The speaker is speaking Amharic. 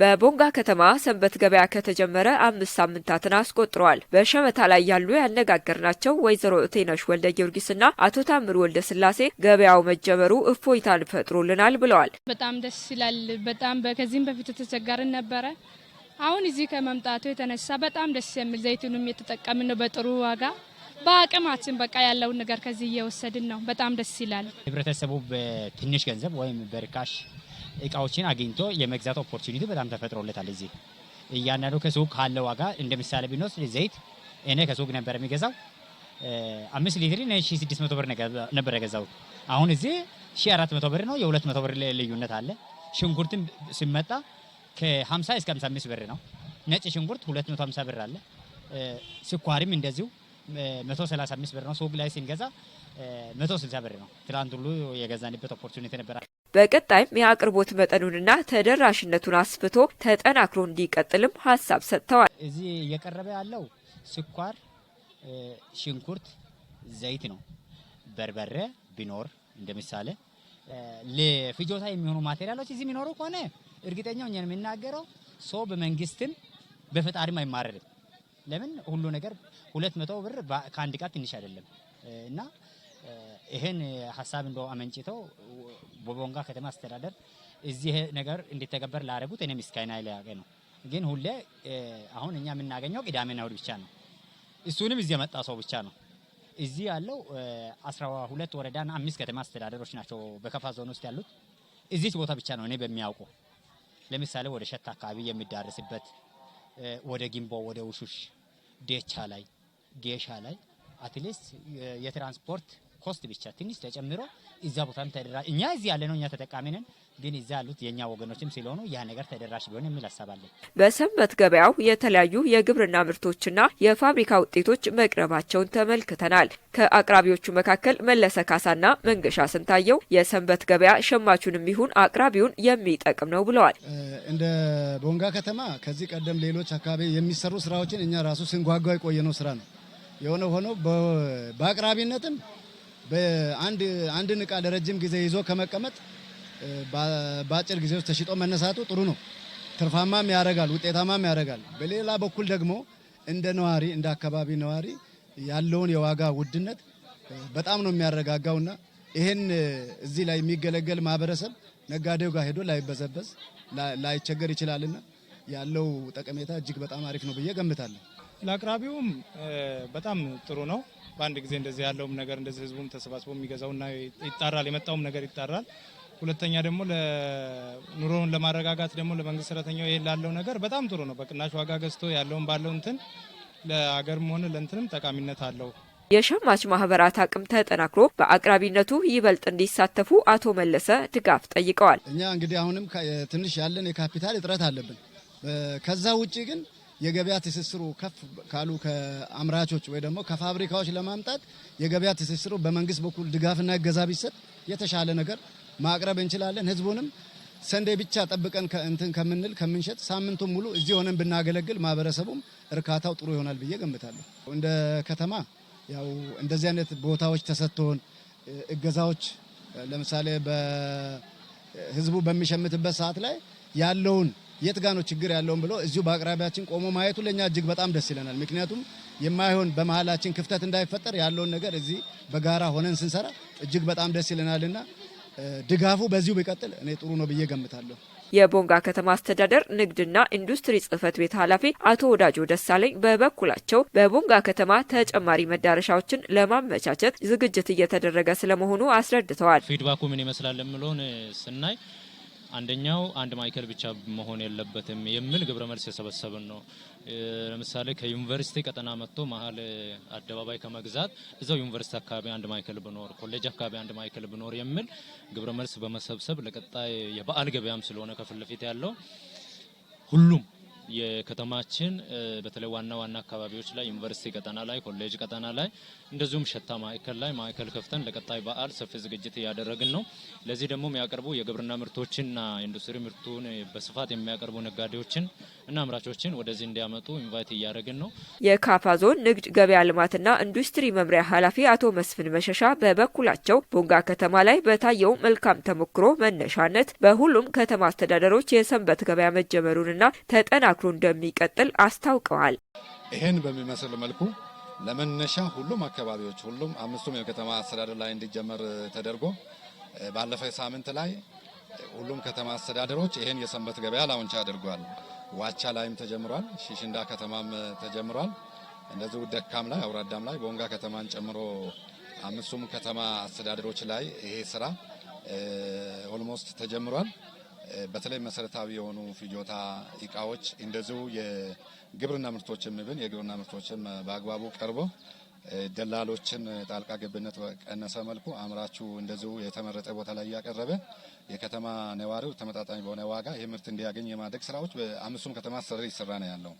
በቦንጋ ከተማ ሰንበት ገበያ ከተጀመረ አምስት ሳምንታትን አስቆጥረዋል። በሸመታ ላይ ያሉ ያነጋገርናቸው ወይዘሮ እቴነሽ ወልደ ጊዮርጊስና አቶ ታምር ወልደ ስላሴ ገበያው መጀመሩ እፎይታን ፈጥሮልናል ብለዋል። በጣም ደስ ይላል። በጣም ከዚህም በፊት ተቸጋርን ነበረ። አሁን እዚህ ከመምጣቱ የተነሳ በጣም ደስ የሚል ዘይቱንም የተጠቀምን ነው በጥሩ ዋጋ በአቅማችን በቃ ያለውን ነገር ከዚህ እየወሰድን ነው። በጣም ደስ ይላል። ህብረተሰቡ በትንሽ ገንዘብ ወይም በርካሽ እቃዎችን አግኝቶ የመግዛት ኦፖርቹኒቲ በጣም ተፈጥሮለታል። እዚህ እያንዳንዱ ከሱቅ ካለ ዋጋ እንደ ምሳሌ ብንወስድ ዘይት እኔ ከሱቅ ነበር የሚገዛው አምስት ሊትር ሺ ስድስት መቶ ብር ነበር ገዛው አሁን እዚህ ሺ አራት መቶ ብር ነው። የሁለት መቶ ብር ልዩነት አለ። ሽንኩርትን ሲመጣ ከ50 እስከ 55 ብር ነው። ነጭ ሽንኩርት 250 ብር አለ። ስኳርም እንደዚሁ 135 ብር ነው። ሱቅ ላይ ስንገዛ 160 ብር ነው። ትላንት ሁሉ የገዛንበት ኦፖርቹኒቲ ነበር። በቀጣይም የአቅርቦት መጠኑንና ተደራሽነቱን አስፍቶ ተጠናክሮ እንዲቀጥልም ሀሳብ ሰጥተዋል። እዚህ እየቀረበ ያለው ስኳር፣ ሽንኩርት፣ ዘይት ነው። በርበሬ ቢኖር እንደ ምሳሌ ለፍጆታ የሚሆኑ ማቴሪያሎች እዚህ የሚኖሩ ከሆነ እርግጠኛው እኛን የሚናገረው ሰው በመንግስትም በፈጣሪም አይማረድም። ለምን ሁሉ ነገር ሁለት መቶ ብር ከአንድ ቃል ትንሽ አይደለም እና ይሄን ሀሳብ እንደ አመንጭተው በቦንጋ ከተማ አስተዳደር እዚህ ነገር እንዲተገበር ላደረጉት እኔ ምስጋና ላያቀ ነው። ግን ሁሌ አሁን እኛ የምናገኘው ቅዳሜና እሁድ ብቻ ነው። እሱንም እዚህ የመጣ ሰው ብቻ ነው። እዚህ ያለው አስራ ሁለት ወረዳና አምስት ከተማ አስተዳደሮች ናቸው በከፋ ዞን ውስጥ ያሉት። እዚች ቦታ ብቻ ነው እኔ በሚያውቁ ለምሳሌ ወደ ሸታ አካባቢ የሚዳረስበት ወደ ጊምቦ፣ ወደ ውሹሽ፣ ዴቻ ላይ፣ ጌሻ ላይ አትሊስት የትራንስፖርት ኮስት ብቻ ትንሽ ተጨምሮ እዛ ቦታም ተደራ እኛ እዚህ ያለ ነው እኛ ተጠቃሚ ነን፣ ግን እዛ ያሉት የእኛ ወገኖችም ስለሆኑ ያ ነገር ተደራሽ ቢሆን የሚል ሀሳብ አለን። በሰንበት ገበያው የተለያዩ የግብርና ምርቶችና የፋብሪካ ውጤቶች መቅረባቸውን ተመልክተናል። ከአቅራቢዎቹ መካከል መለሰ ካሳና መንገሻ ስንታየው የሰንበት ገበያ ሸማቹንም ይሁን አቅራቢውን የሚጠቅም ነው ብለዋል። እንደ ቦንጋ ከተማ ከዚህ ቀደም ሌሎች አካባቢ የሚሰሩ ስራዎችን እኛ ራሱ ስንጓጓ የቆየነው ስራ ነው። የሆነ ሆኖ በአቅራቢነትም አንድን እቃ ለረጅም ጊዜ ይዞ ከመቀመጥ በአጭር ጊዜ ውስጥ ተሽጦ መነሳቱ ጥሩ ነው። ትርፋማም ያደርጋል፣ ውጤታማም ያደርጋል። በሌላ በኩል ደግሞ እንደ ነዋሪ እንደ አካባቢ ነዋሪ ያለውን የዋጋ ውድነት በጣም ነው የሚያረጋጋውና ይሄን እዚህ ላይ የሚገለገል ማህበረሰብ ነጋዴው ጋር ሄዶ ላይበዘበዝ ላይቸገር ይችላልና ያለው ጠቀሜታ እጅግ በጣም አሪፍ ነው ብዬ ገምታለሁ። ለአቅራቢውም በጣም ጥሩ ነው። በአንድ ጊዜ እንደዚህ ያለውም ነገር እንደዚህ ህዝቡም ተሰባስቦ የሚገዛውና ይጣራል፣ የመጣውም ነገር ይጣራል። ሁለተኛ ደግሞ ኑሮውን ለማረጋጋት ደግሞ ለመንግስት ሰራተኛው ይሄ ላለው ነገር በጣም ጥሩ ነው። በቅናሽ ዋጋ ገዝቶ ያለውን ባለው እንትን ለሀገርም ሆነ ለእንትንም ጠቃሚነት አለው። የሸማች ማህበራት አቅም ተጠናክሮ በአቅራቢነቱ ይበልጥ እንዲሳተፉ አቶ መለሰ ድጋፍ ጠይቀዋል። እኛ እንግዲህ አሁንም ትንሽ ያለን የካፒታል እጥረት አለብን። ከዛ ውጭ ግን የገበያ ትስስሩ ከፍ ካሉ ከአምራቾች ወይ ደግሞ ከፋብሪካዎች ለማምጣት የገበያ ትስስሩ በመንግስት በኩል ድጋፍና እገዛ ቢሰጥ የተሻለ ነገር ማቅረብ እንችላለን። ህዝቡንም ሰንዴ ብቻ ጠብቀን ከእንትን ከምንል ከምንሸጥ ሳምንቱ ሙሉ እዚህ ሆነን ብናገለግል ማህበረሰቡም እርካታው ጥሩ ይሆናል ብዬ ገምታለሁ። እንደ ከተማ ያው እንደዚህ አይነት ቦታዎች ተሰጥቶን እገዛዎች ለምሳሌ በህዝቡ በሚሸምትበት ሰዓት ላይ ያለውን የት ጋ ነው ችግር ያለውን ብሎ እዚሁ በአቅራቢያችን ቆሞ ማየቱ ለእኛ እጅግ በጣም ደስ ይለናል። ምክንያቱም የማይሆን በመሀላችን ክፍተት እንዳይፈጠር ያለውን ነገር እዚህ በጋራ ሆነን ስንሰራ እጅግ በጣም ደስ ይለናልና ድጋፉ በዚሁ ቢቀጥል እኔ ጥሩ ነው ብዬ ገምታለሁ። የቦንጋ ከተማ አስተዳደር ንግድና ኢንዱስትሪ ጽህፈት ቤት ኃላፊ አቶ ወዳጆ ደሳለኝ በበኩላቸው በቦንጋ ከተማ ተጨማሪ መዳረሻዎችን ለማመቻቸት ዝግጅት እየተደረገ ስለመሆኑ አስረድተዋል። ፊድባኩ ምን ይመስላል የምለውን ስናይ አንደኛው አንድ ማዕከል ብቻ መሆን የለበትም የሚል ግብረ መልስ የሰበሰብን ነው። ለምሳሌ ከዩኒቨርሲቲ ቀጠና መጥቶ መሀል አደባባይ ከመግዛት እዛው ዩኒቨርሲቲ አካባቢ አንድ ማዕከል ብኖር፣ ኮሌጅ አካባቢ አንድ ማዕከል ብኖር የሚል ግብረ መልስ በመሰብሰብ ለቀጣይ የበዓል ገበያም ስለሆነ ከፊት ለፊት ያለው ሁሉም የከተማችን በተለይ ዋና ዋና አካባቢዎች ላይ ዩኒቨርሲቲ ቀጠና ላይ ኮሌጅ ቀጠና ላይ እንደዚሁም ሸታ ማዕከል ላይ ማዕከል ከፍተን ለቀጣይ በዓል ሰፊ ዝግጅት እያደረግን ነው። ለዚህ ደግሞ የሚያቀርቡ የግብርና ምርቶችንና ኢንዱስትሪ ምርቱን በስፋት የሚያቀርቡ ነጋዴዎችን እና አምራቾችን ወደዚህ እንዲያመጡ ኢንቫይት እያደረግን ነው። የካፋ ዞን ንግድ ገበያ ልማትና ኢንዱስትሪ መምሪያ ኃላፊ አቶ መስፍን መሸሻ በበኩላቸው ቦንጋ ከተማ ላይ በታየው መልካም ተሞክሮ መነሻነት በሁሉም ከተማ አስተዳደሮች የሰንበት ገበያ መጀመሩንና ተጠናክሮ ተጠናክሮ እንደሚቀጥል አስታውቀዋል። ይህን በሚመስል መልኩ ለመነሻ ሁሉም አካባቢዎች ሁሉም አምስቱም የከተማ አስተዳደር ላይ እንዲጀመር ተደርጎ ባለፈ ሳምንት ላይ ሁሉም ከተማ አስተዳደሮች ይህን የሰንበት ገበያ ላውንቻ አድርጓል። ዋቻ ላይም ተጀምሯል። ሺሽንዳ ከተማም ተጀምሯል። እንደዚሁ ደካም ላይ አውራዳም ላይ ቦንጋ ከተማን ጨምሮ አምስቱም ከተማ አስተዳደሮች ላይ ይሄ ስራ ኦልሞስት ተጀምሯል። በተለይ መሰረታዊ የሆኑ ፍጆታ እቃዎች እንደዚሁ የግብርና ምርቶችን ምብን የግብርና ምርቶችም በአግባቡ ቀርቦ ደላሎችን ጣልቃ ገብነት በቀነሰ መልኩ አምራቹ እንደዚሁ የተመረጠ ቦታ ላይ እያቀረበ የከተማ ነዋሪው ተመጣጣኝ በሆነ ዋጋ ይህ ምርት እንዲያገኝ የማድረግ ስራዎች በአምስቱም ከተማ ስር ይሰራ ነው ያለው።